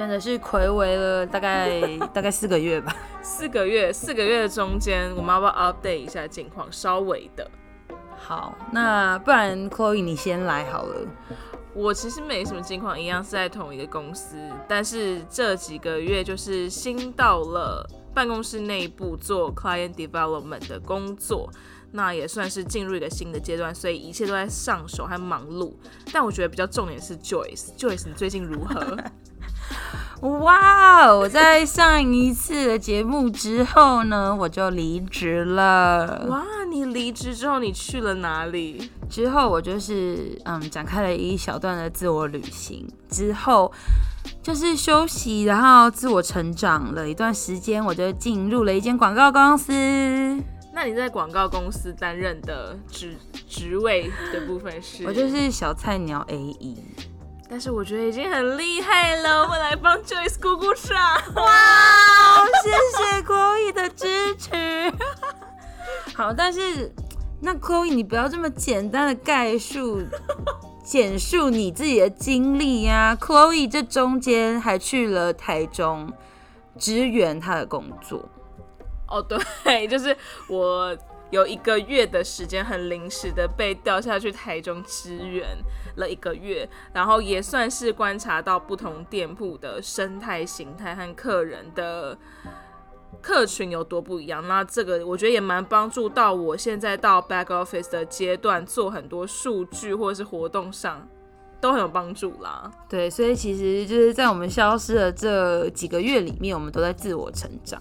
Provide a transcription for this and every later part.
真的是暌違了大概，大概四個月吧。四個月，四個月的中間，我們要不要 update 一下近況，稍微的。好，那不然 Chloe 你先來好了。我其實沒什麼近況，一樣是在同一個公司，但是這幾個月就是新到了辦公室內部做 client development 的工作，那也算是進入一個新的階段，所以一切都在上手還忙碌。但我覺得比較重點是 Joyce，Joyce 你最近如何？哇，wow, 我在上一次的節目之後呢，我就離職了。哇，你離職之後你去了哪裡？之後我就是嗯，展開了一小段的自我旅行，之後就是休息，然後自我成長了一段時間，我就進入了一間廣告公司。那你在廣告公司擔任的職職位的部分是？我就是小菜鳥 AE。但是我覺得已經很厲害了，我們來幫 Joyce 鼓鼓掌啊！哇，謝謝 Chloe 的支持。好，但是那 Chloe 你不要這麼簡單的概述，簡述你自己的經歷呀、啊。Chloe 這中間還去了台中支援她的工作。哦，對，就是我。有一個月的時間，很臨時的被調下去台中支援了一個月，然後也算是觀察到不同店鋪的生態形態和客人的客群有多不一樣。那這個我覺得也蠻幫助到我現在到 back office 的階段做很多數據或者是活動上都很有幫助啦。對，所以其實就是在我們消失的這幾個月裡面，我們都在自我成長。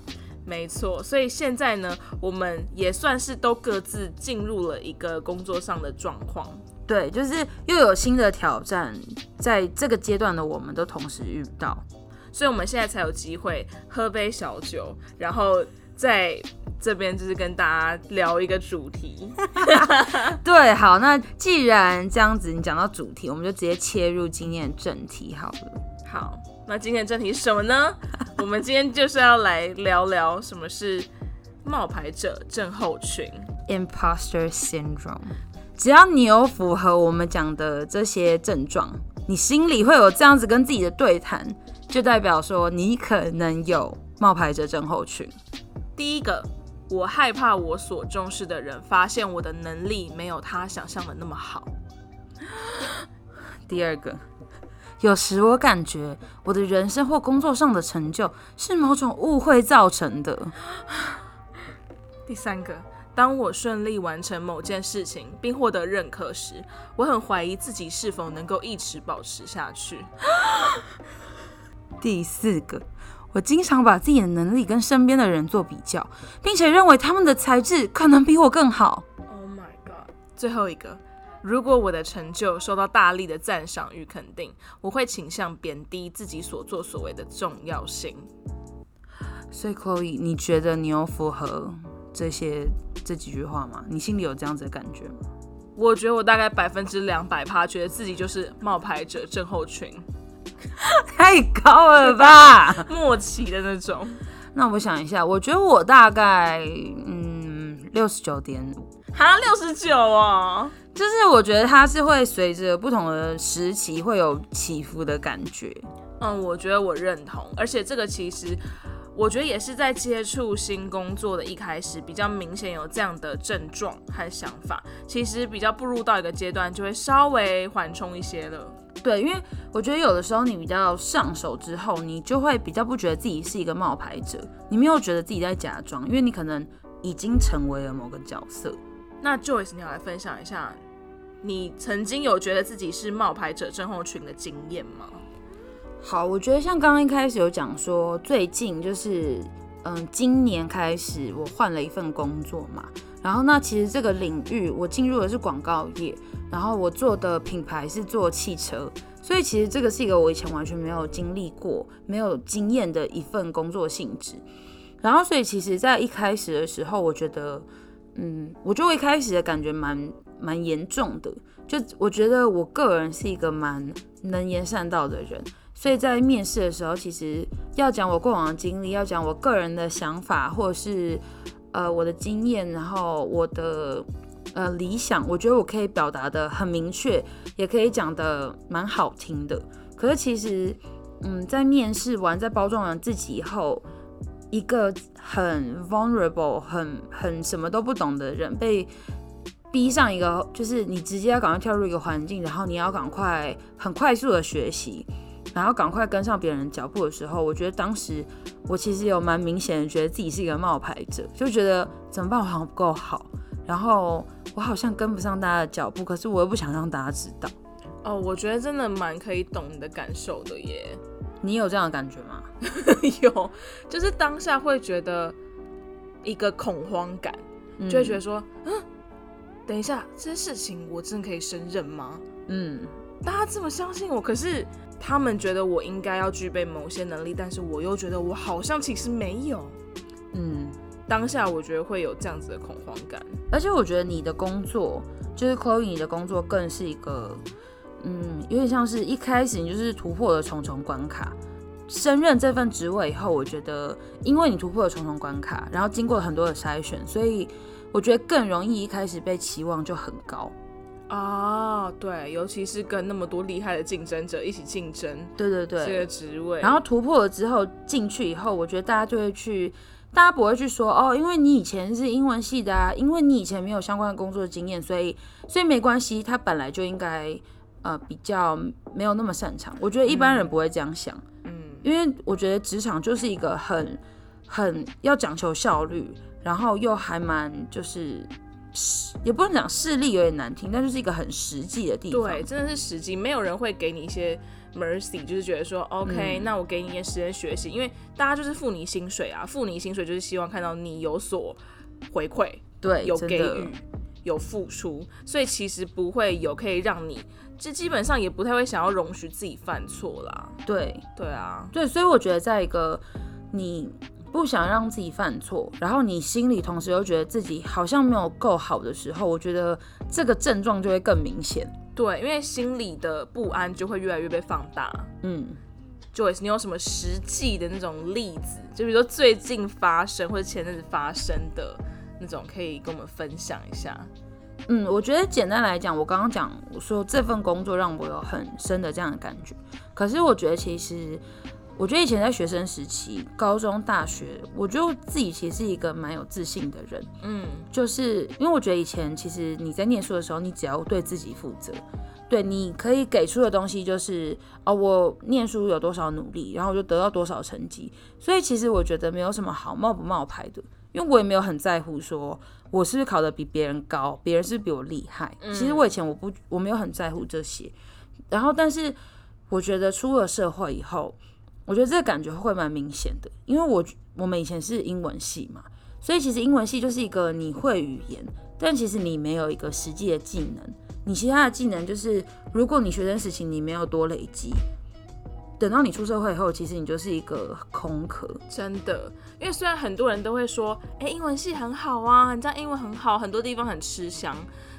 沒錯，所以現在呢，我們也算是都各自進入了一個工作上的狀況。對，就是又有新的挑戰，在這個階段的我們都同時遇到，所以我們現在才有機會喝杯小酒，然後在這邊就是跟大家聊一個主題。 對，好，那既然這樣子，你講到主題，我們就直接切入今天的正題好了。好，那今天的正題是什麼呢？我們今天就是要來聊聊什麼是冒牌者症候群 （Imposter Syndrome）。只要你有符合我們講的這些症狀，你心裡會有這樣子跟自己的對談，就代表說你可能有冒牌者症候群。第一個，我害怕我所重視的人發現我的能力沒有他想象的那麼好。第二個。有時我感覺我的人生或工作上的成就是某種誤會造成的。第三個，當我順利完成某件事情並獲得認可時，我很懷疑自己是否能夠一直保持下去。第四個，我經常把自己的能力跟身邊的人做比較，並且認為他們的才智可能比我更好。Oh my God！最後一個。如果我的成就受到大力的讚賞與肯定，我會傾向貶低自己所做所為的重要性。所以，Chloe，你覺得你有符合這些這幾句話嗎？你心裡有這樣子的感覺嗎？我覺得我大概百分之兩百趴，覺得自己就是冒牌者症候群。太高了吧？ 默契的那種。那我想一下，我覺得我大概嗯，六十九點五，哈，六十九哦。就是我覺得它是會隨着不同的時期會有起伏的感覺，嗯，我覺得我認同，而且這個其實我覺得也是在接觸新工作的一開始比較明顯有這樣的症狀和想法，其實比較步入到一個階段就會稍微緩衝一些了。對，因為我覺得有的時候你比較上手之後，你就會比較不覺得自己是一個冒牌者，你沒有覺得自己在假裝，因為你可能已經成為了某個角色。那 Joyce，你要來分享一下。你曾經有覺得自己是冒牌者症候群的經驗嗎？好，我覺得像剛剛一開始有講說，最近就是，嗯，今年開始我換了一份工作嘛，然後那其實這個領域我進入的是廣告業，然後我做的品牌是做汽車，所以其實這個是一個我以前完全沒有經歷過、沒有經驗的一份工作性質，然後所以其實在一開始的時候，我覺得。嗯，我就一開始的感覺蠻蠻嚴重的，就我覺得我個人是一個蠻能言善道的人，所以在面試的時候，其實要講我過往的經歷，要講我個人的想法，或者是呃我的經驗，然後我的呃理想，我覺得我可以表達得很明確，也可以講得蠻好聽的。可是其實，嗯，在面試完，在包裝完自己以後。一個很 vulnerable，很很什麼都不懂的人，被逼上一個，就是你直接要趕快跳入一個環境，然後你要趕快很快速的學習，然後趕快跟上別人的腳步的時候，我覺得當時我其實有蠻明顯的覺得自己是一個冒牌者，就覺得怎麼辦，我好像不夠好，然後我好像跟不上大家的腳步，可是我又不想讓大家知道。哦，我覺得真的蠻可以懂你的感受的耶。你有這樣的感覺嗎？ 有，就是當下會覺得一個恐慌感，嗯、就會覺得說，嗯，等一下，這些事情我真的可以勝任嗎？嗯，大家這麼相信我，可是他們覺得我應該要具備某些能力，但是我又覺得我好像其實沒有。嗯，當下我覺得會有這樣子的恐慌感，而且我覺得你的工作，就是 Chloe 你的工作，更是一個。嗯，有點像是一開始你就是突破了重重關卡，升任這份職位以後，我覺得，因為你突破了重重關卡，然後經過了很多的篩選，所以我覺得更容易一開始被期望就很高啊。哦。對，尤其是跟那麼多厲害的競爭者一起競爭，對對對，這個職位，然後突破了之後進去以後，我覺得大家就會去，大家不會去說哦，因為你以前是英文系的啊，因為你以前沒有相關的工作經驗，所以所以沒關係，他本來就應該。呃，比較沒有那麼擅長。我覺得一般人不會這樣想，嗯，因為我覺得職場就是一個很、很要講求效率，然後又還蠻就是，也不能講勢利有點難聽，但就是一個很實際的地方。對，真的是實際，沒有人會給你一些 mercy，就是覺得說 OK，嗯，那我給你一些時間學習，因為大家就是付你薪水啊，付你薪水就是希望看到你有所回饋，對，有給予。有付出，所以其實不會有可以讓你，這基本上也不太會想要容許自己犯錯啦。對，對啊，對，所以我覺得，在一個你不想讓自己犯錯，然後你心裡同時又覺得自己好像沒有夠好的時候，我覺得這個症狀就會更明顯。對，因為心裡的不安就會越來越被放大。嗯，就是你有什麼實際的那種例子？就比如說最近發生或者前陣子發生的？那種可以跟我們分享一下，嗯，我覺得簡單來講，我剛剛講我說，這份工作讓我有很深的這樣的感覺。可是我覺得其實，我覺得以前在學生時期，高中、大學，我覺得我自己其實是一個蠻有自信的人，嗯，就是因為我覺得以前其實你在念書的時候，你只要對自己負責，對，你可以給出的東西就是，哦，我念書有多少努力，然後就得到多少成績。所以其實我覺得沒有什麼好冒不冒牌的。因為我也沒有很在乎，說我是不是考得比別人高，別人是不是比我厲害。其實我以前我不我沒有很在乎這些，然後但是我覺得出了社會以後，我覺得這個感覺會蠻明顯的。因為我我們以前是英文系嘛，所以其實英文系就是一個你會語言，但其實你沒有一個實際的技能，你其他的技能就是如果你學生時期你沒有多累積。等到你出社會以後，其實你就是一個空殼，真的。因為雖然很多人都會說，哎，英文系很好啊，你這樣英文很好，很多地方很吃香。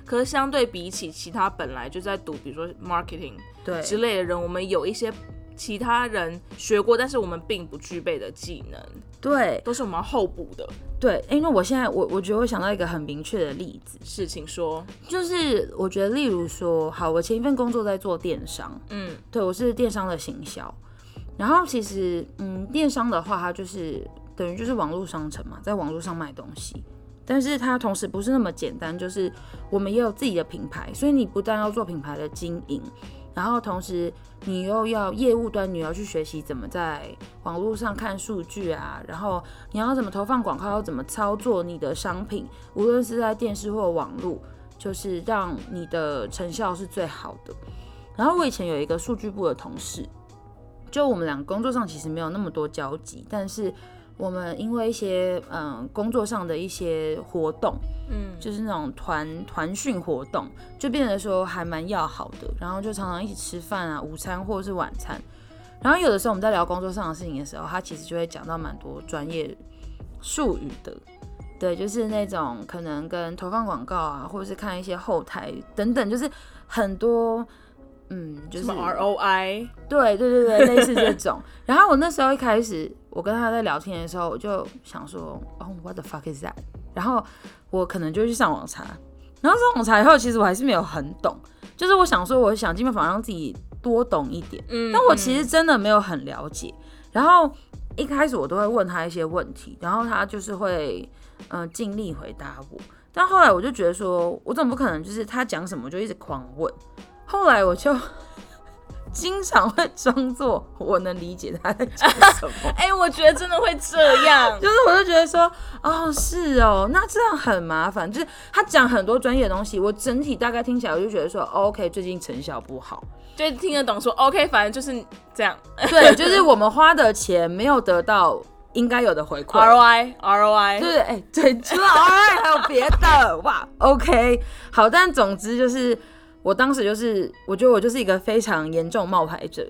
可是相對比起其他本來就在讀，比如說 marketing 之類的人，對我們有一些，其他人學過，但是我們並不具備的技能，對，都是我們要後補的，對。哎，因為我現在我我覺得我想到一個很明確的例子，事情說，就是我覺得，例如說，好，我前一份工作在做電商，嗯，對我是電商的行銷，然後其實，嗯，電商的話，它就是等於就是網絡商城嘛，在網絡上賣東西，但是它同時不是那麼簡單，就是我們也有自己的品牌，所以你不但要做品牌的經營。然後同時，你又要業務端，你要去學習怎麼在網絡上看數據啊，然後你要怎麼投放廣告，要怎麼操作你的商品，無論是在電視或網絡，就是讓你的成效是最好的。然後我以前有一個數據部的同事，就我們兩個工作上其實沒有那麼多交集，但是。我們因為一些嗯工作上的一些活動，嗯，就是那種團團訓活動，就變得說還蠻要好的，然後就常常一起吃飯啊，午餐或者是晚餐，然後有的時候我們在聊工作上的事情的時候，他其實就會講到蠻多專業術語的，對，就是那種可能跟投放廣告啊，或者是看一些後台等等，就是很多。嗯，就是 ROI，對對對對， 類似這種。然後我那時候一開始，我跟他在聊天的時候，我就想說，哦、oh，What the fuck is that？然後我可能就去上網查，然後上網查以後，其實我還是沒有很懂。就是我想說，我想盡辦法讓自己多懂一點，嗯， 但我其實真的沒有很了解。然後一開始我都會問他一些問題，然後他就是會嗯呃、盡力回答我。但後來我就覺得說，我總不可能就是他講什麼就一直狂問。後來我就經常會裝作我能理解他在講什麼。哎、 欸，我覺得真的會這樣，就是我就覺得說，哦，是哦，那這樣很麻煩。就是他講很多專業的東西，我整體大概聽起來，我就覺得說、哦、，OK，最近成效不好，就聽得懂說、哦、，OK，反正就是這樣。 對，就是我們花的錢沒有得到應該有的回饋，ROI，ROI，對對哎，對，除、就、了、是、ROI 還有別的 哇，OK，好，但總之就是。我當時就是，我覺得我就是一個非常嚴重冒牌者，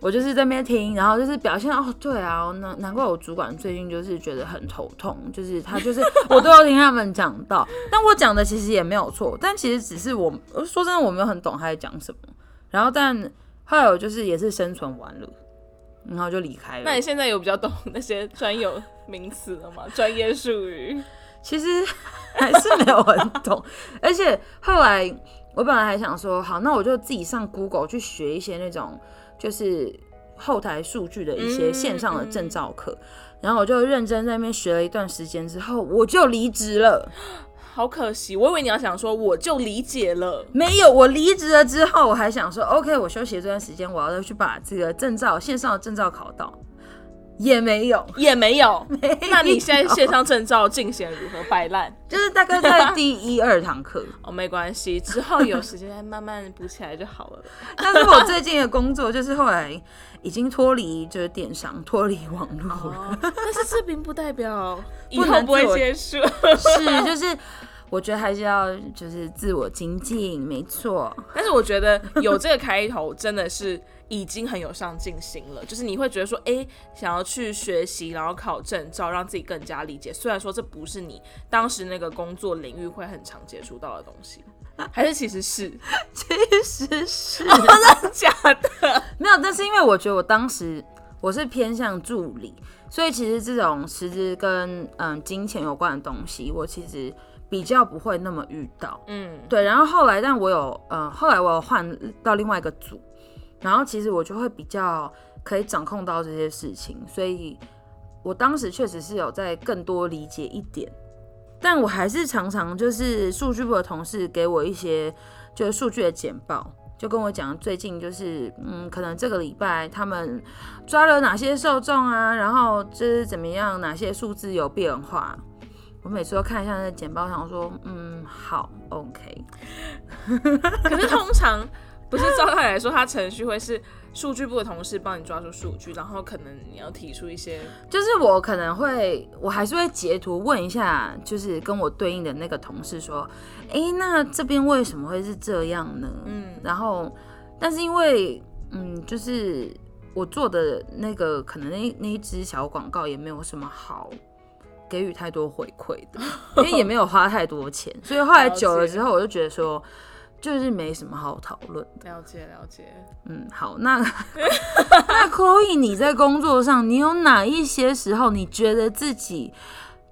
我就是在那邊聽，然後就是表現哦，對啊，難難怪我主管最近就是覺得很頭痛，就是他就是我都要聽他們講到， 但我講的其實也沒有錯，但其實只是我，說真的，我沒有很懂他在講什麼，然後但後來我就是也是生存完了，然後就離開了。那你現在有比較懂那些專有名詞了嗎？專 業術語其實還是沒有很懂， 而且後來。我本來還想說，好，那我就自己上 Google 去學一些那種就是後台數據的一些線上的證照課，嗯、然後我就認真在那邊學了一段時間之後，我就離職了，好可惜。我以為你要想說我就理解了，沒有，我離職了之後，我還想說，OK，我休息這段時間，我要再去把這個證照線上的證照考到。也沒有，也沒有， 那你現在線上證照進行如何擺爛？ 爛就是，大概在第一 第二堂課哦，沒關係，之後有時間慢慢補起來就好了。 但是我最近的工作就是後來已經脫離就是電商，脫離網絡了。哦，但是這並不代表不以後不會結束， 是就是。我覺得還是要就是自我精進，沒錯。但是我覺得有這個開頭，真的是已經很有上進心了。 就是你會覺得說，哎、欸，想要去學習，然後考證照，讓自己更加理解。雖然說這不是你當時那個工作領域會很常接觸到的東西，還是其實是 其實是真的、 哦、假的？ 沒有，但是因為我覺得我當時我是偏向助理，所以其實這種實質跟嗯金錢有關的東西，我其實。比較不會那麼遇到，嗯，對。然後後來，但我有，嗯、呃，後來我有換到另外一個組，然後其實我就會比較可以掌控到這些事情，所以我當時確實是有在更多理解一點，但我還是常常就是數據部的同事給我一些就是數據的簡報，就跟我講最近就是，嗯，可能這個禮拜他們抓了哪些受眾啊，然後就是怎麼樣，哪些數字有變化。我每次都看一下那簡報上，我說嗯好，OK。 可是通常不是照道理來說，他程序，會是數據部的同事幫你抓出數據，然後可能你要提出一些，就是我可能會，我還是會截圖問一下，就是跟我對應的那個同事說，哎、欸，那這邊為什麼會是這樣呢？嗯，然後但是因為嗯，就是我做的那個可能那一那一支小廣告也沒有什麼好，給予太多回饋的，因為也沒有花太多錢，所以後來久了之後，我就覺得說，解就是沒什麼好討論的，了解了解，了解嗯，好，那 那 Chloe 你在工作上，你有哪一些時候，你覺得自己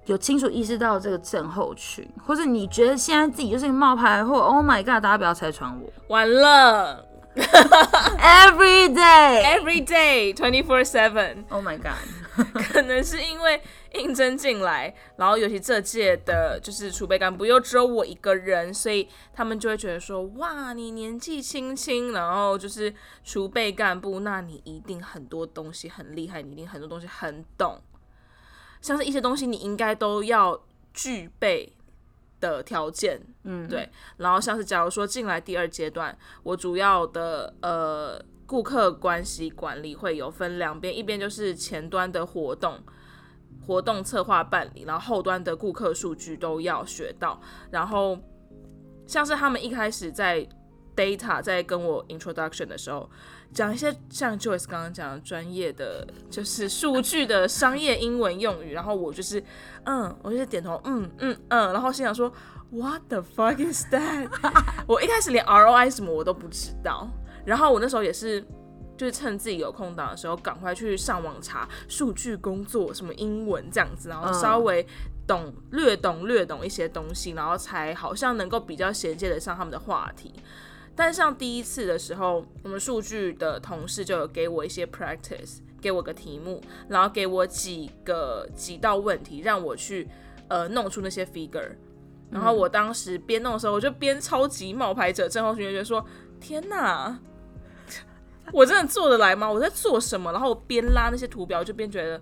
有清楚意識到這個症候群，或者你覺得現在自己就是冒牌貨？Oh my god，大家不要拆穿我，完了，Every day，every day，twenty four seven，Oh my god。 可能是因為應徵進來，然後尤其這屆的，就是儲備幹部又只有我一個人，所以他們就會覺得說：哇，你年紀輕輕，然後就是儲備幹部，那你一定很多東西很厲害，你一定很多東西很懂，像是一些東西你應該都要具備的條件，嗯，對。然後像是假如說進來第二階段，我主要的，呃，顧客關係管理會有分兩邊，一邊就是前端的活動活動策劃辦理，然後後端的顧客數據都要學到。然後像是他們一開始在 data 在跟我 introduction 的時候，講一些像 Joyce 剛剛講的專業的，就是數據的商業英文用語。然後我就是嗯，我就是點頭嗯，嗯嗯嗯。然後心想說 What the fuck is that？ 我一開始連 ROI 什麼我都不知道。然後我那時候也是，就是趁自己有空檔的時候，趕快去上網查數據工作，什麼英文這樣子，然後稍微懂、oh. 略懂略懂一些東西，然後才好像能夠比較銜接得上他們的話題。但像第一次的時候，我們數據的同事就有給我一些 practice，給我個題目，然後給我幾個幾道問題，讓我去呃弄出那些 figure。Mm. 然後我當時邊弄的時候，我就邊超級冒牌者症候群就覺得說：天哪！我真的做得來嗎？我在做什麼？然後我邊拉那些圖表，我就邊覺得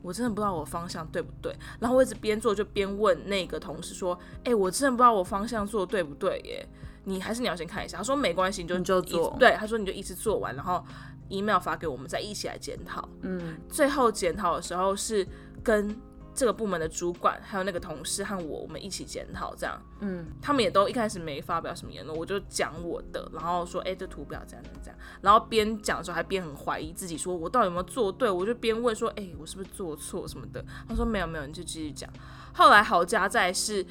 我真的不知道我方向對不對。然後我一直邊做就邊問那個同事說：“哎、欸，我真的不知道我方向做對不對耶？你還是你要先看一下。”他說：“沒關係，你就，你就做。”對，他說你就一直做完，然後 email 發給我們，再一起來檢討。嗯，最後檢討的時候是跟。這個部門的主管，還有那個同事和我，我們一起檢討這樣。嗯，他們也都一開始沒發表什麼言論，我就講我的，然後說，哎、欸，這圖表這樣這樣，樣，然後邊講的時候還邊很懷疑自己，說我到底有沒有做對，我就邊問說，哎、欸，我是不是做錯什麼的？他說沒有沒有，你就繼續講。後來好家在是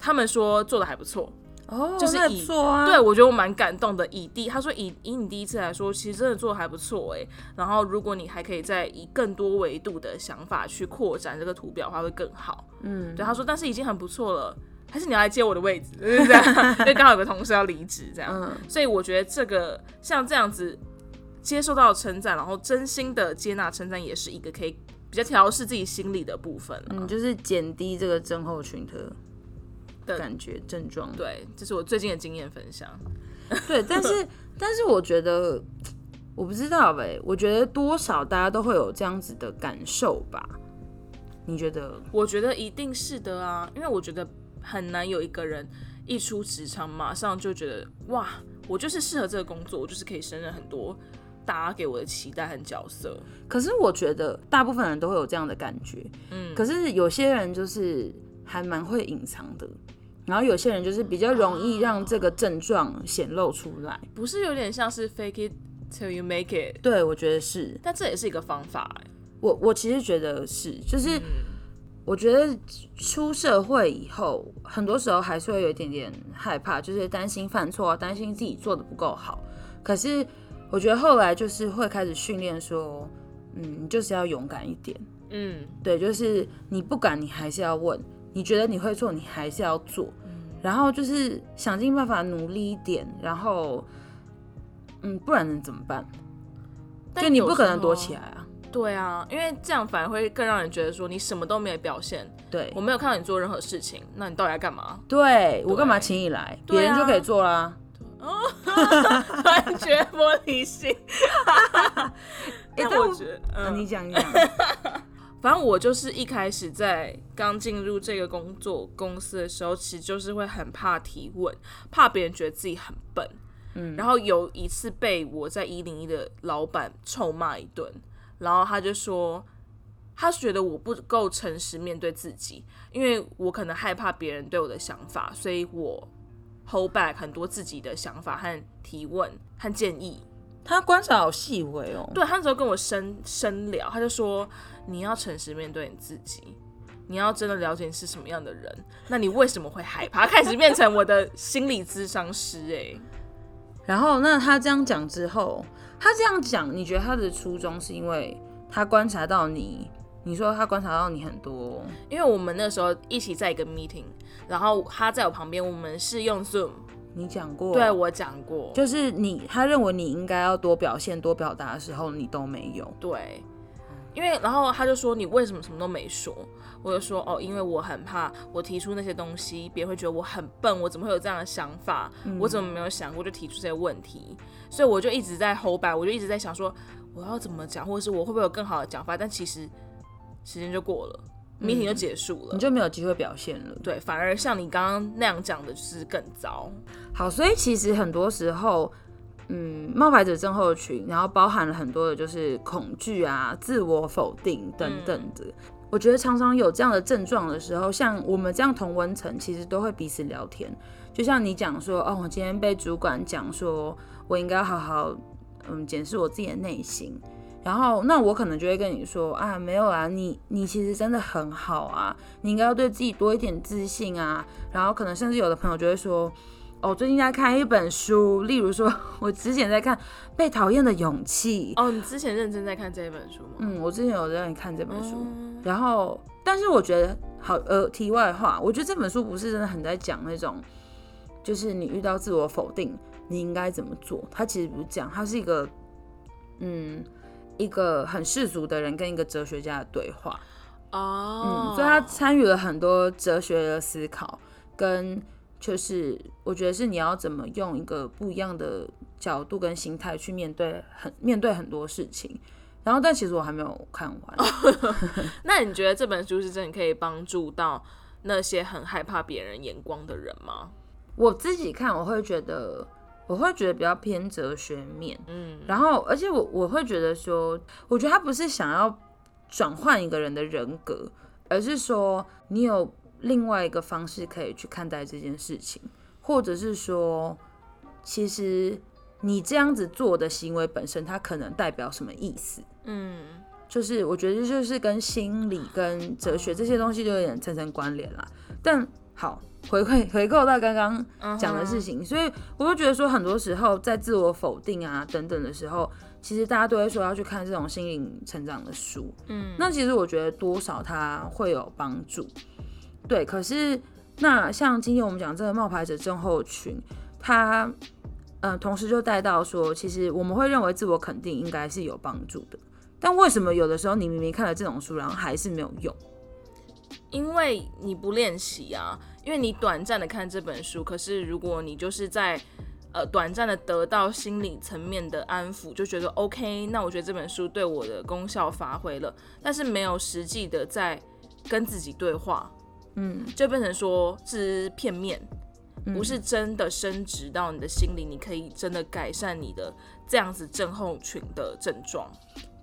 他們說做得還不錯。哦，真的做啊！對，我覺得我蠻感動的。以第，他說以以你第一次來說，其實真的做的還不錯哎、欸。然後如果你還可以再以更多維度的想法去擴展這個圖表的話，會更好。嗯，對，他說但是已經很不錯了，還是你要來接我的位置，因為剛好有個同事要離職，這樣。嗯、所以我覺得這個像這樣子，接受到稱讚，然後真心的接納稱讚，也是一個可以比較調適自己心理的部分。嗯，就是減低這個症候群。的感覺症狀，對，這是我最近的經驗分享。 對，但是但是我覺得，我不知道欸。我覺得多少大家都會有這樣子的感受吧？你覺得？我覺得一定是的啊，因為我覺得很難有一個人一出職場，馬上就覺得哇，我就是適合這個工作，我就是可以勝任很多大家給我的期待和角色。可是我覺得大部分人都會有這樣的感覺，嗯。可是有些人就是還蠻會隱藏的。然後有些人就是比較容易讓這個症狀顯露出來，不是有點像是 fake it till you make it？對，我覺得是，但這也是一個方法欸。我我其實覺得是，就是我覺得出社會以後，很多時候還是會有一點點害怕，就是擔心犯錯，擔心自己做得不夠好。可是我覺得後來就是會開始訓練，說，嗯，你就是要勇敢一點。嗯，對，就是你不敢，你還是要問。你覺得你會做，你還是要做，然後就是想盡辦法努力一點，然後，嗯，不然能怎麼辦？但你不可能躲起來啊！對啊，因為這樣反而會更讓人覺得說你什麼都沒有表現。對，我沒有看到你做任何事情，那你到底要幹嘛？對，我幹嘛請你來？別人就可以做啦。哦，完全玻璃心。哎，我覺得，你講一講。反正我就是一開始在剛進入這個工作公司的時候，其實就是會很怕提問，怕別人覺得自己很笨。嗯，然後有一次被我在101的老闆臭罵一頓，然後他就說，他覺得我不夠誠實面對自己，因為我可能害怕別人對我的想法，所以我 hold back 很多自己的想法和提問和建議。他觀察好細微哦、喔，對，他那時候跟我深深聊，他就說，你要誠實面對你自己，你要真的了解你是什麼樣的人，那你為什麼會害怕？他開始變成我的心理諮商師誒、欸。 然後那他這樣講之後，他這樣講，你覺得他的初衷是因為他觀察到你？你說他觀察到你很多，因為我們那時候一起在一個 meeting，然後他在我旁邊，我們是用 Zoom。你講過，對，我講過，就是你，他認為你應該要多表現、多表達的時候，你都沒有。對，因為然後他就說你為什麼什麼都沒說，我就說哦，因為我很怕我提出那些東西，別人會覺得我很笨，我怎麼會有這樣的想法？嗯。我怎麼沒有想過就提出這些問題？所以我就一直在 hold back，我就一直在想說我要怎麼講，或者是我會不會有更好的講法？但其實時間就過了。明天就結束了，嗯、你就沒有機會表現了。對，反而像你剛剛那樣講的就是更糟。好，所以其實很多時候，嗯，冒牌者症候群，然後包含了很多的就是恐懼啊、自我否定等等的。嗯、我覺得常常有這樣的症狀的時候，像我們這樣同溫層，其實都會彼此聊天。就像你講說，哦，我今天被主管講說，我應該好好嗯檢視我自己的內心。然後，那我可能就會跟你說啊，沒有啊，你你其實真的很好啊，你應該要對自己多一點自信啊。然後，可能甚至有的朋友就會說，哦，最近在看一本書，例如說，我之前在看《被討厭的勇氣》。哦，你之前認真在看這一本書嗎？嗯，我之前有在看這本書。嗯、然後，但是我覺得，好呃，題外話，我覺得這本書不是真的很在講那種，就是你遇到自我否定，你應該怎麼做。它其實不是講，它是一個，嗯。一個很世俗的人跟一個哲學家的對話，哦、oh. 嗯，所以他參與了很多哲學的思考，跟就是我覺得是你要怎麼用一個不一樣的角度跟心態去面對很面對很多事情。然後，但其實我還沒有看完。Oh. 那你覺得這本書是真的可以幫助到那些很害怕別人眼光的人嗎？我自己看我會覺得。我會覺得比較偏哲學面，嗯，然後而且我我會覺得說，我覺得他不是想要轉換一個人的人格，而是說你有另外一個方式可以去看待這件事情，或者是說，其實你這樣子做的行為本身，它可能代表什麼意思？嗯，就是我覺得就是跟心理跟哲學這些東西就有點產生關聯啦。但好。回饋回購到剛剛講的事情，uh huh. 所以我就覺得說，很多時候在自我否定啊等等的時候，其實大家都會說要去看這種心靈成長的書，嗯、uh huh. 那其實我覺得多少它會有幫助，對。可是那像今天我們講這個冒牌者症候群，它嗯、呃，同時就帶到說，其實我們會認為自我肯定應該是有幫助的，但為什麼有的時候你明明看了這種書，然後還是沒有用？因為你不練習啊。因為你短暫的看這本書，可是如果你就是在呃短暫的得到心理層面的安撫，就覺得 OK，那我覺得這本書對我的功效發揮了，但是沒有實際的在跟自己對話，嗯，就變成說只片面，嗯、不是真的深植到你的心裡，你可以真的改善你的這樣子症候群的症狀。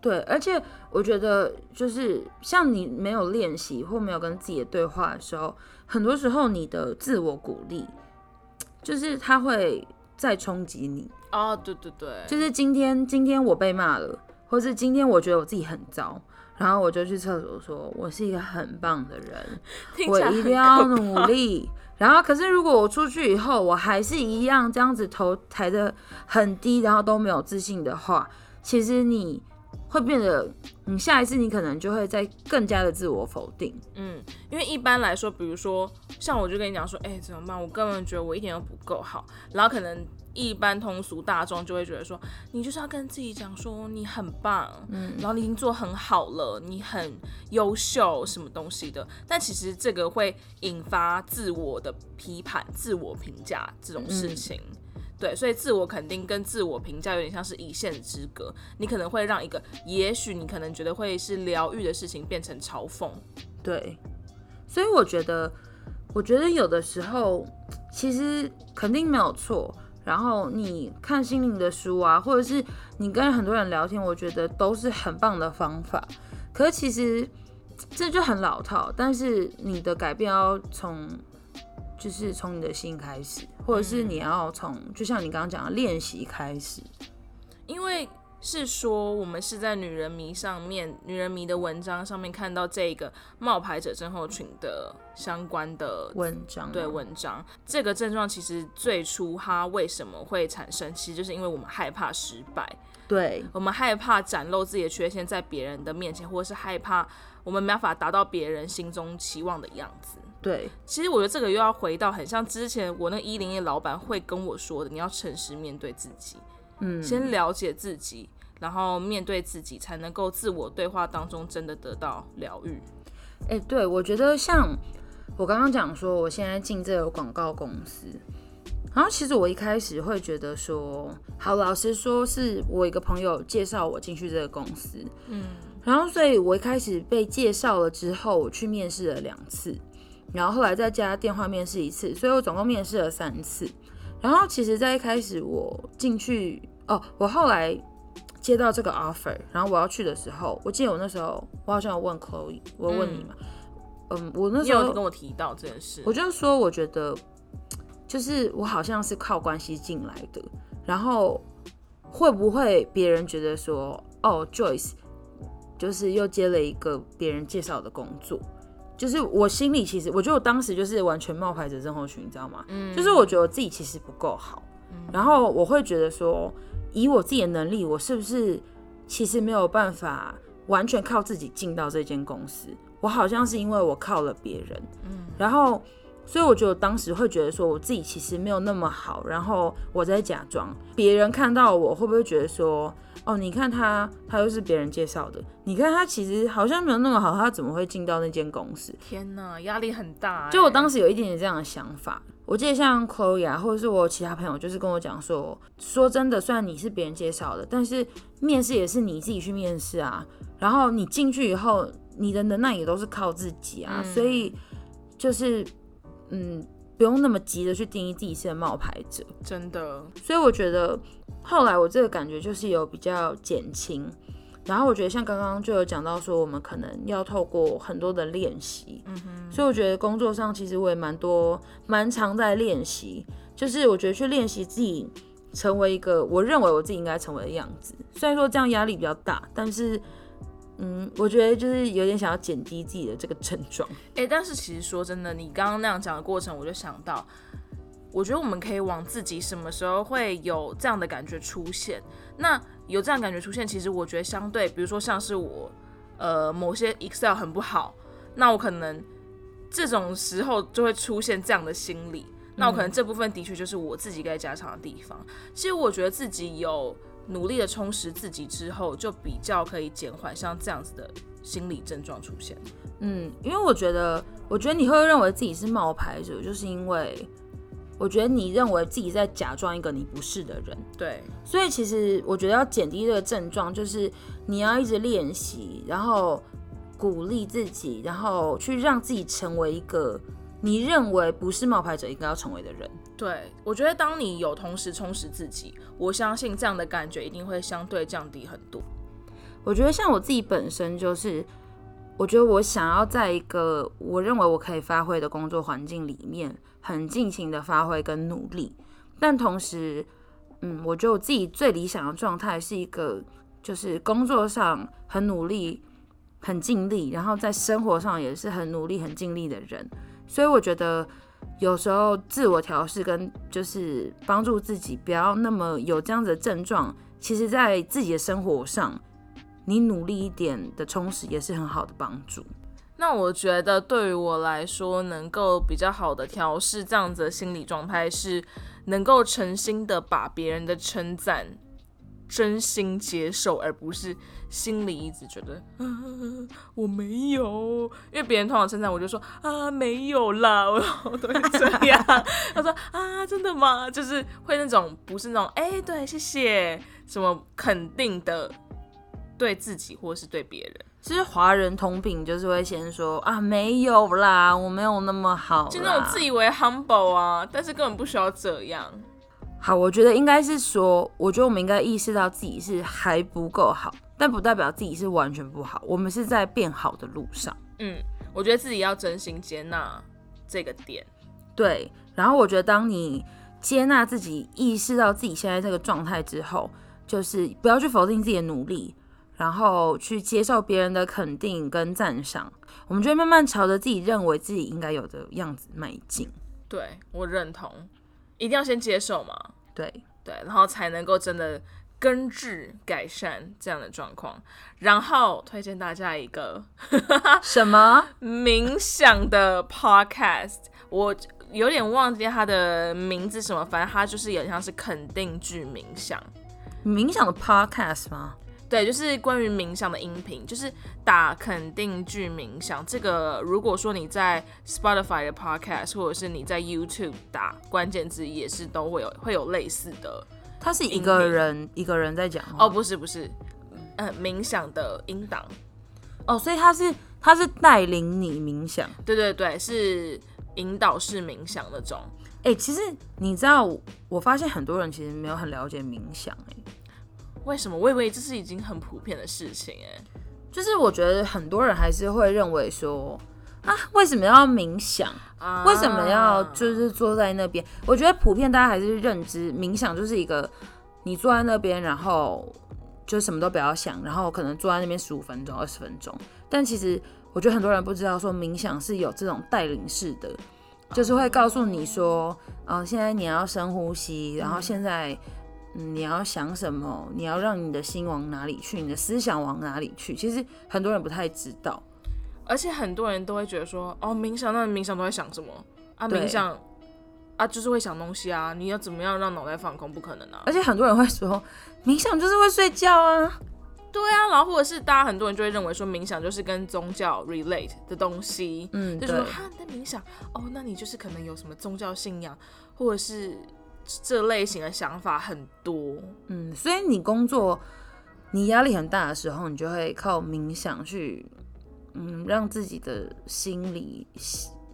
對，而且我覺得就是像你沒有練習或沒有跟自己的對話的時候。很多時候，你的自我鼓勵就是他會再衝擊你啊！Oh, 對對對，就是今天，今天我被罵了，或是今天我覺得我自己很糟，然後我就去廁所說：“我是一個很棒的人，我一定要努力。”然後，可是如果我出去以後，我還是一樣這樣子頭抬得很低，然後都沒有自信的話，其實你。會變得，你下一次你可能就會再更加的自我否定。嗯，因為一般來說，比如說像我就跟你講說，哎、欸，怎麼辦？我根本覺得我一點都不夠好。然後可能一般通俗大眾就會覺得說，你就是要跟自己講說你很棒，嗯，然後你已經做很好了，你很優秀什麼東西的。但其實這個會引發自我的批判、自我評價這種事情。嗯。對，所以自我肯定跟自我評價有點像是一線之隔，你可能會讓一個，也許你可能覺得會是療癒的事情變成嘲諷。對，所以我覺得，我覺得有的時候其實肯定沒有錯。然後你看心靈的書啊，或者是你跟很多人聊天，我覺得都是很棒的方法。可是其實這就很老套，但是你的改變要從。就是從你的心開始，或者是你要從，就像你剛剛講的練習開始。因為是說，我們是在女人迷上面《女人迷》上面，《女人迷》的文章上面看到這個冒牌者症候群的相關的文章啊，對，文章。這個症狀其實最初它為什麼會產生，其實就是因為我們害怕失敗，對我們害怕展露自己的缺陷在別人的面前，或者是害怕我們沒辦法達到別人心中期望的樣子。對，其實我覺得這個又要回到很像之前我那一零一老闆會跟我說的，你要誠實面對自己，嗯，先了解自己，然後面對自己，才能夠自我對話當中真的得到療癒。欸，對，我覺得像我剛剛講說，我現在進這個廣告公司，然後其實我一開始會覺得說，好，老實說，是我一個朋友介紹我進去這個公司，嗯，然後所以我一開始被介紹了之後，我去面試了兩次。然後後來再加電話面試一次，所以我總共面試了三次。然後其實，在一開始我進去哦，我後來接到這個 offer，然後我要去的時候，我記得我那時候我好像有問 Chloe，我問你嘛，嗯，嗯，我那時候有跟我提到這件事，我就說我覺得就是我好像是靠關係進來的，然後會不會別人覺得說哦，Joyce 就是又接了一個別人介紹的工作？就是我心裡其實，我覺得我當時就是完全冒牌者症候群，你知道嗎？嗯，就是我覺得我自己其實不夠好，然後我會覺得說，以我自己的能力，我是不是其實沒有辦法完全靠自己進到這間公司？我好像是因為我靠了別人，嗯，然後。所以我覺得我當時會覺得說，我自己其實沒有那麼好，然後我在假裝。別人看到我會不會覺得說，哦，你看他，他又是別人介紹的，你看他其實好像沒有那麼好，他怎麼會進到那間公司？天哪，壓力很大，欸！就我當時有一點點這樣的想法。我記得像 Chloe 啊或者是我其他朋友，就是跟我講說，說真的，算你是別人介紹的，但是面試也是你自己去面試啊。然後你進去以後，你的能耐也都是靠自己啊。嗯、所以就是。嗯，不用那麼急着去定義自己是冒牌者，真的。所以我覺得後來我這個感覺就是有比較減輕，然後我覺得像剛剛就有講到說，我們可能要透過很多的練習，嗯哼。所以我覺得工作上其實我也蠻多蠻常在練習，就是我覺得去練習自己成為一個我認為我自己應該成為的樣子。雖然說這樣壓力比較大，但是。嗯，我覺得就是有點想要減低自己的這個症狀，誒、欸，但是其實說真的，你剛剛那樣講的過程，我就想到，我覺得我們可以往自己什麼時候會有這樣的感覺出現。那有這樣的感覺出現，其實我覺得相對，比如說像是我，呃，某些 Excel 很不好，那我可能這種時候就會出現這樣的心理。那我可能這部分的確就是我自己該加強的地方。嗯、其實我覺得自己有。努力的充實自己之後，就比較可以減緩像這樣子的心理症狀出現。嗯，因為我覺得，我覺得你會認為自己是冒牌者，就是因為我覺得你認為自己在假裝一個你不是的人。對，所以其實我覺得要減低這個症狀，就是你要一直練習，然後鼓勵自己，然後去讓自己成為一個你認為不是冒牌者應該要成為的人。對，我覺得當你有同時充實自己，我相信這樣的感覺一定會相對降低很多。我覺得像我自己本身就是，我覺得我想要在一個我認為我可以發揮的工作環境裡面，很盡情的發揮跟努力。但同時，嗯，我覺得我自己最理想的狀態是一個，就是工作上很努力、很盡力，然後在生活上也是很努力、很盡力的人。所以我覺得。有時候自我調適跟，就是幫助自己不要那麼有這樣子的症狀，其實，在自己的生活上，你努力一點的充實也是很好的幫助。那我覺得對於我來說，能夠比較好的調適這樣子的心理狀態是能夠誠心的把別人的稱讚真心接受，而不是心裡一直覺得，啊、我沒有，因為別人通常稱讚我，就說啊沒有啦，我都會這樣。他 說啊真的嗎？就是會那種不是那種哎、欸、對，謝謝什麼肯定的，對自己或是對別人。其實華人通病就是會先說啊沒有啦，我沒有那麼好，就那種自以為 humble 啊，但是根本不需要這樣。好，我覺得應該是說，我覺得我們應該意識到自己是還不夠好，但不代表自己是完全不好。我們是在變好的路上。嗯，我覺得自己要真心接納這個點。對，然後我覺得當你接納自己，意識到自己現在這個狀態之後，就是不要去否定自己的努力，然後去接受別人的肯定跟讚賞，我們就會慢慢朝着自己認為自己應該有的樣子邁進。對，我認同。一定要先接受嘛，對對，然後才能夠真的根治改善這樣的狀況。然後推薦大家一個，什麼？ 冥想的 podcast，我有點忘記它的名字什麼，反正它就是有點像是肯定句冥想，冥想的 podcast 嗎？對，就是關於冥想的音頻，就是打肯定句冥想這個。如果說你在 Spotify 的 podcast，或者是你在 YouTube 打關鍵字，也是都會有會有類似的。他是一個人一個人在講哦？不是不是，嗯、呃、冥想的音檔哦，所以他是他是帶領你冥想，對對對，是引導式冥想那種。哎、欸，其實你知道我，我發現很多人其實沒有很了解冥想哎、欸。為什麼？我以為這是已經很普遍的事情哎、欸，就是我覺得很多人還是會認為說啊，為什麼要冥想？啊、為什麼要就是坐在那邊？我覺得普遍大家還是認知冥想就是一個你坐在那邊，然後就什麼都不要想，然後可能坐在那邊十五分鐘、二十分鐘。但其實我覺得很多人不知道，說冥想是有這種帶領式的，就是會告訴你說，嗯、啊，現在你要深呼吸，然後現在。你要想什麼？你要讓你的心往哪裡去？你的思想往哪裡去？其實很多人不太知道，而且很多人都會覺得說，哦，冥想，那冥想都在想什麼啊？對冥想啊，就是會想東西啊。你要怎麼樣讓腦袋放空？不可能啊！而且很多人會說，冥想就是會睡覺啊。對啊，然後或者是大家很多人就會認為說，冥想就是跟宗教 relate 的東西。嗯，就是說哈，啊，你的冥想哦，那你就是可能有什麼宗教信仰，或者是。這類型的想法很多，嗯，所以你工作你壓力很大的時候，你就會靠冥想去，嗯，讓自己的心理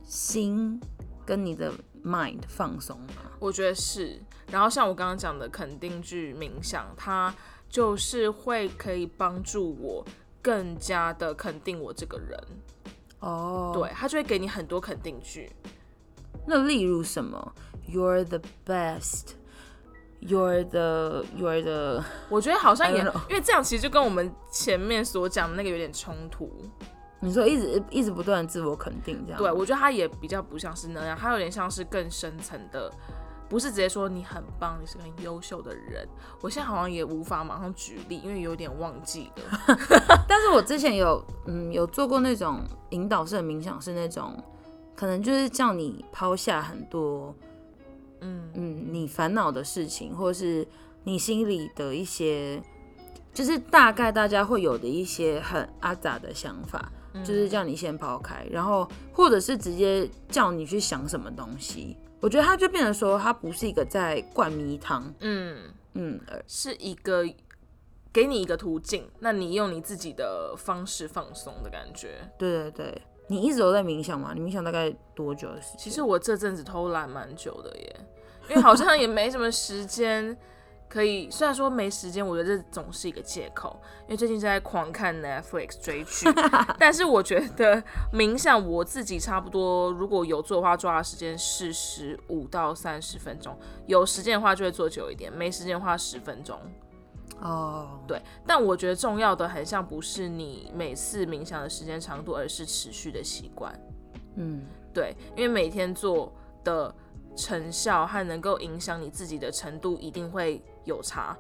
心跟你的 mind 放鬆。我覺得是，然後像我剛剛講的肯定句冥想，它就是會可以幫助我更加的肯定我這個人。哦，oh，對，它就會給你很多肯定句。那例如什麼？You're the best. You're the, you're the. 我覺得好像也因為這樣，其實就跟我們前面所講的那個有點衝突。你說一直一直不斷的自我肯定這樣，對，我覺得他也比較不像是那樣，他有點像是更深層的，不是直接說你很棒，你是個很優秀的人。我現在好像也無法馬上舉例，因為有點忘記了。 但是我之前有嗯有做過那種引導式的冥想，是那種可能就是叫你拋下很多。嗯嗯，你煩惱的事情，或是你心裡的一些，就是大概大家會有的一些很阿雜的想法，嗯、就是叫你先拋開，然後或者是直接叫你去想什麼東西。我覺得它就變成說，它不是一個在灌迷湯，嗯嗯，嗯是一個給你一個途徑，那你用你自己的方式放鬆的感覺。對對對。你一直都在冥想嗎？你冥想大概多久的時間？其實我這陣子偷懶蠻久的耶，因為好像也沒什麼時間可以。雖然說沒時間，我覺得這總是一個借口。因為最近在狂看 Netflix 追劇，但是我覺得冥想我自己差不多，如果有做的話，抓的時間是十五到三十分鐘。有時間的話就會做久一點，沒時間的話十分鐘。哦，oh. 對，但我覺得重要的很像不是你每次冥想的時間長度，而是持續的習慣。嗯，對，因為每天做的成效和能夠影響你自己的程度一定會有差，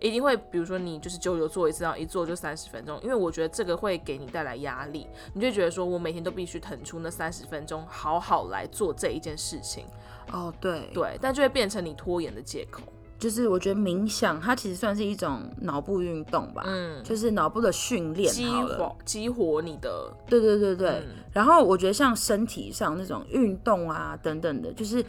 一定會，比如說你就是久久做一次，然後一做就三十分鐘，因為我覺得這個會給你帶來壓力，你就覺得說我每天都必須騰出那三十分鐘，好好來做這一件事情。哦，oh, 對，對，但就會變成你拖延的借口。就是我覺得冥想，它其實算是一種腦部運動吧，嗯，就是腦部的訓練，激活激活你的，對對對對。嗯，然後我覺得像身體上那種運動啊等等的，就是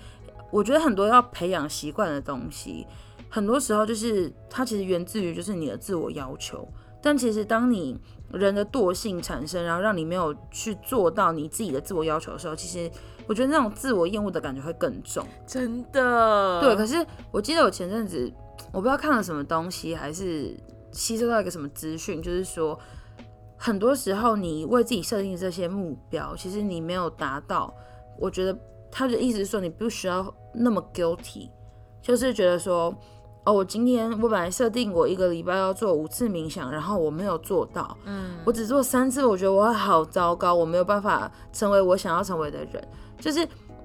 我覺得很多要培養習慣的東西，很多時候就是它其實源自於就是你的自我要求，但其實當你人的惰性產生，然後讓你沒有去做到你自己的自我要求的時候，其實。我覺得那種自我厭惡的感覺會更重，真的。對，可是我記得我前陣子，我不知道看了什麼東西，還是吸收到一個什麼資訊，就是說，很多時候你為自己設定這些目標，其實你沒有達到。我覺得他的意思是說，你不需要那麼 guilty，就是覺得說。哦，我今天我本來設定我一個禮拜要做五次冥想，然後我沒有做到，嗯，我只做三次，我覺得我好糟糕，我沒有辦法成為我想要成為的人。就是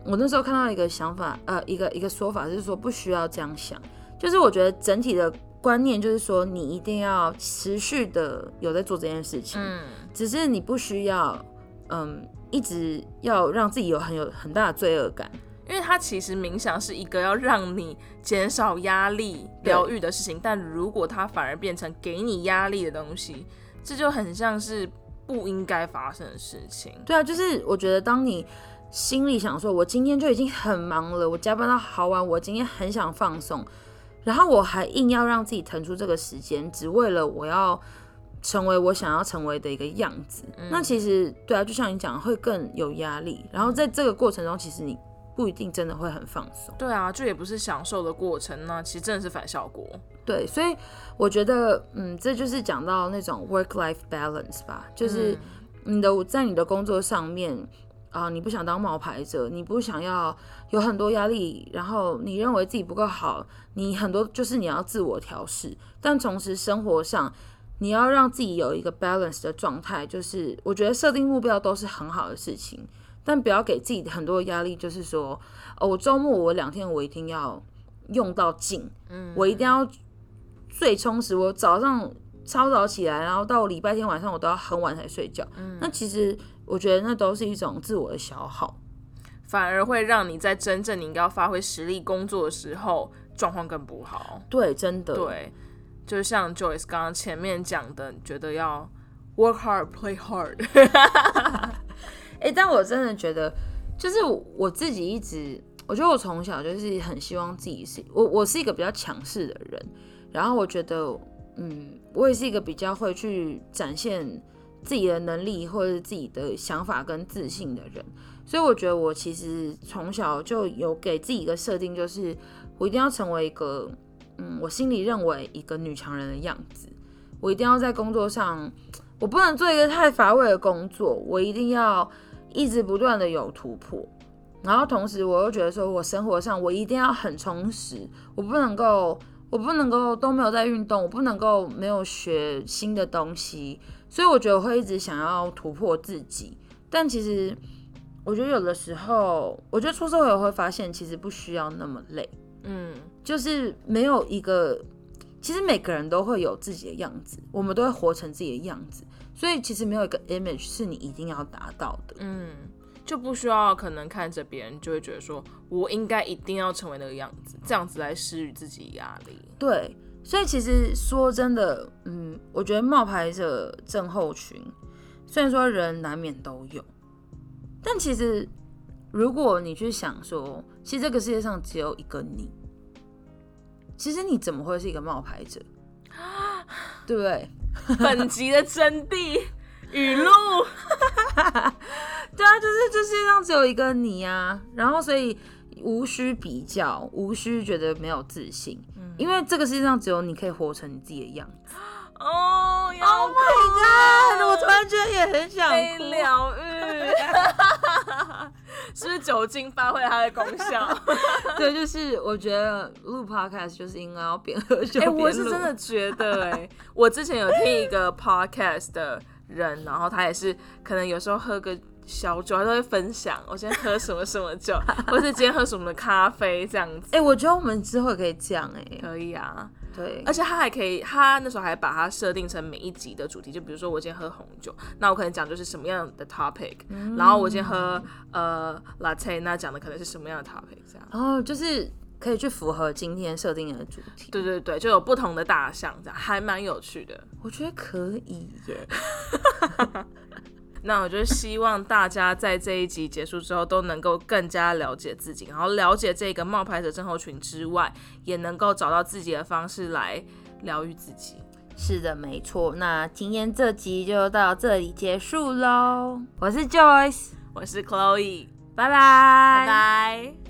我那時候看到一個想法，呃，一個一個說法，就是說不需要這樣想。就是我覺得整體的觀念就是說，你一定要持續的有在做這件事情，嗯，只是你不需要，嗯，一直要讓自己有很有很大的罪惡感。因為它，其實冥想是一個要讓你減少壓力、療癒的事情，對但如果它反而變成給你壓力的東西，這就很像是不應該發生的事情。對啊，就是我覺得當你心裡想說“我今天就已經很忙了，我加班到好晚，我今天很想放鬆”，然後我還硬要讓自己騰出這個時間，只為了我要成為我想要成為的一個樣子，嗯、那其實對啊，就像你講的，會更有壓力。然後在這個過程中，其實你不一定真的會很放鬆，對啊，就也不是享受的過程呢、啊。其實真的是反效果。對，所以我覺得，嗯，這就是講到那種 work life balance 吧，就是你的、嗯、在你的工作上面啊、呃，你不想當冒牌者，你不想要有很多壓力，然後你認為自己不夠好，你很多就是你要自我調適，但同時生活上你要讓自己有一個 balance 的狀態，就是我覺得設定目標都是很好的事情。但不要給自己很多壓力，就是說，哦，我週末我兩天我一定要用到盡，嗯，我一定要最充實。我早上超早起來，然後到禮拜天晚上我都要很晚才睡覺。嗯，那其實我覺得那都是一種自我的消耗，反而會讓你在真正你應該要發揮實力工作的時候狀況更不好。對，真的。對，就是像 Joyce 剛剛前面講的，覺得要 work hard, play hard。 欸，但我真的覺得，就是我自己一直，我覺得我從小就是很希望自己是我，我是一個比較強勢的人，然後我覺得，嗯，我也是一個比較會去展現自己的能力或者是自己的想法跟自信的人，所以我覺得我其實從小就有給自己一個設定，就是我一定要成為一個，嗯，我心裡認為一個女強人的樣子，我一定要在工作上，我不能做一個太乏味的工作，我一定要。一直不斷的有突破，然後同時我又覺得說，我生活上我一定要很充實，我不能夠，我不能夠都沒有在運動，我不能夠沒有學新的東西，所以我覺得我會一直想要突破自己。但其實我覺得有的時候，我覺得出社會我會發現，其實不需要那麼累，嗯，就是沒有一個，其實每個人都會有自己的樣子，我們都會活成自己的樣子。所以其實沒有一個 image 是你一定要達到的，嗯，就不需要可能看着別人就會覺得說，我應該一定要成為那個樣子，這樣子來施予自己壓力。對，所以其實說真的，嗯，我覺得冒牌者症候群，雖然說人難免都有，但其實如果你去想說，其實這個世界上只有一個你，其實你怎麼會是一個冒牌者？ 對不對？ 本集的真諦語錄， 對啊，就是這世界上只有一個你啊，然後所以無需比較，無需覺得沒有自信，嗯、因為這個世界上只有你可以活成你自己的樣子。哦，好美啊！Oh、God, 我突然間也很想療癒。欸、 是不是酒精發揮它的功效？ 對，就是我覺得錄 podcast 就是應該要邊喝酒邊錄。哎、欸，我是真的覺得哎、欸， 我之前有聽一個 podcast 的人，然後他也是可能有時候喝個小酒，他都會分享我今天喝什麼什麼酒， 或是今天喝什麼咖啡這樣子。哎、欸，我覺得我們之後也可以講哎、欸，可以啊。對，而且他還可以，他那時候還把它設定成每一集的主題，就比如說我今天喝紅酒，那我可能講就是什麼樣的 topic，、嗯、然後我今天喝呃 latte，那講的可能是什麼樣的 topic 這樣，哦，就是可以去符合今天設定的主題，對對對，就有不同的大項這樣，還蠻有趣的，我覺得可以耶。 那我就希望大家在這一集結束之後都能夠更加了解自己，然後了解這個冒牌者症候群之外，也能夠找到自己的方式來療癒自己。是的，沒錯。那今天這集就到這裡結束嘍。我是 Joyce，我是 Chloe，拜拜，拜拜 bye。Bye bye